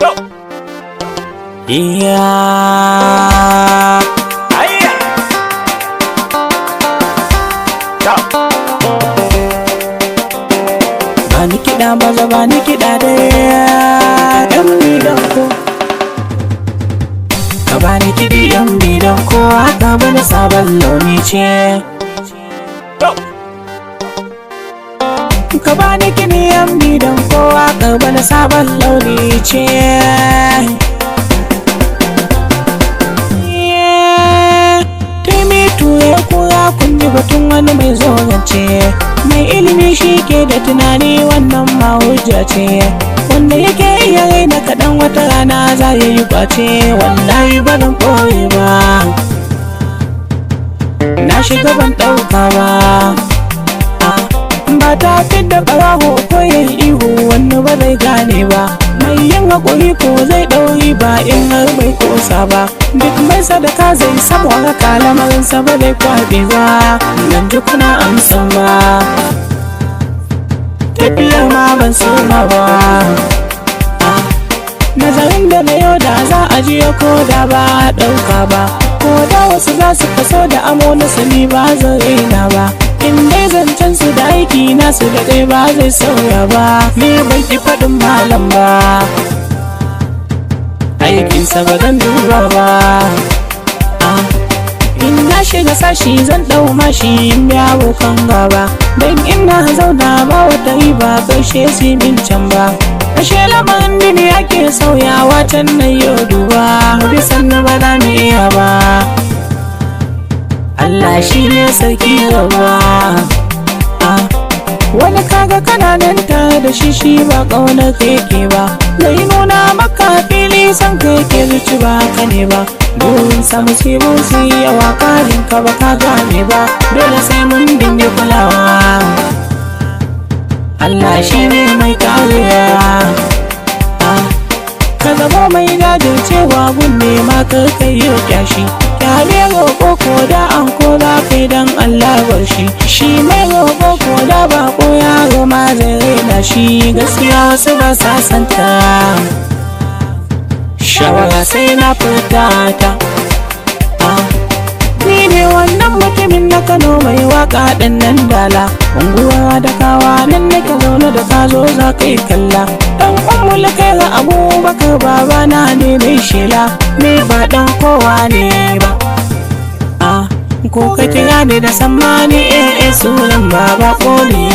Ba ni kiɗa maza ba ni kiɗa dare ɗan bidan ko. Ka ba ni kiɗi ɗan bidan ko haka bani sabon launi ce. Ka ba ni kiɗi ɗan bidan ko haka shi ke da tunani wannan ma hujja ce wanda yake iya raina kaɗan wata rana za ya yi kwace wallahi ba don ɓoye ba na shiga ban ɗauka ba ba ta da ɓaraho ko yin ihu wannan ba zai gane ba mai yin haƙuri ko zai ɗauri ba in har bai kosa ba duk mai sadaka zai samu haka lamarinsa ba zai kwaɗe ba nan duk na amsa ba tafiyar ma ban soma ba nazarin da na yau da za a jiya ko da ba a ɗauka ba ko da wasu za su kaso da amo na sani ba zan ina ba in dai zancen su da aiki na su da ɗaya ba zai sauya ba ni ban ki faɗin malam ba aikinsa ba zan duba ba sashi zan dau mashi in bi abokan gaba dan ina zauna ba wata yi ba karshe su min can ba kashe lamarin dini ake sauyawa can na yau duba bisan na ba mu iya ba Allah shi ne sarki rawa ah, wani kaga kananan ta da shi shi ba ƙaunar keke ba zai nuna maka fili san ke zuci ba ka ne ba burin samu sibin su yi yawa karin ka ba ka gane ba dole sai mun dinga kulawa Allah shi ne mai kariya ka zama mai jajircewa gun ne ma ka kai yau kyashi kyale roƙo ko da an kola kai dan Allah bar shi shi mai roƙo ko da ba ko yaro ma zai raina shi gaskiya wasu ba sa santa shawara sai na ta. Ah, ni ne wannan mutumin na kano mai waka ɗin nan dala unguwa da kawa nan nake zaune da ka zo za ka yi kalla dan la kai ga abubakar baba na ne mai shela ne ba dan kowa ne ba ah, ko ka kira ni da sammani eh eh sunan baba ko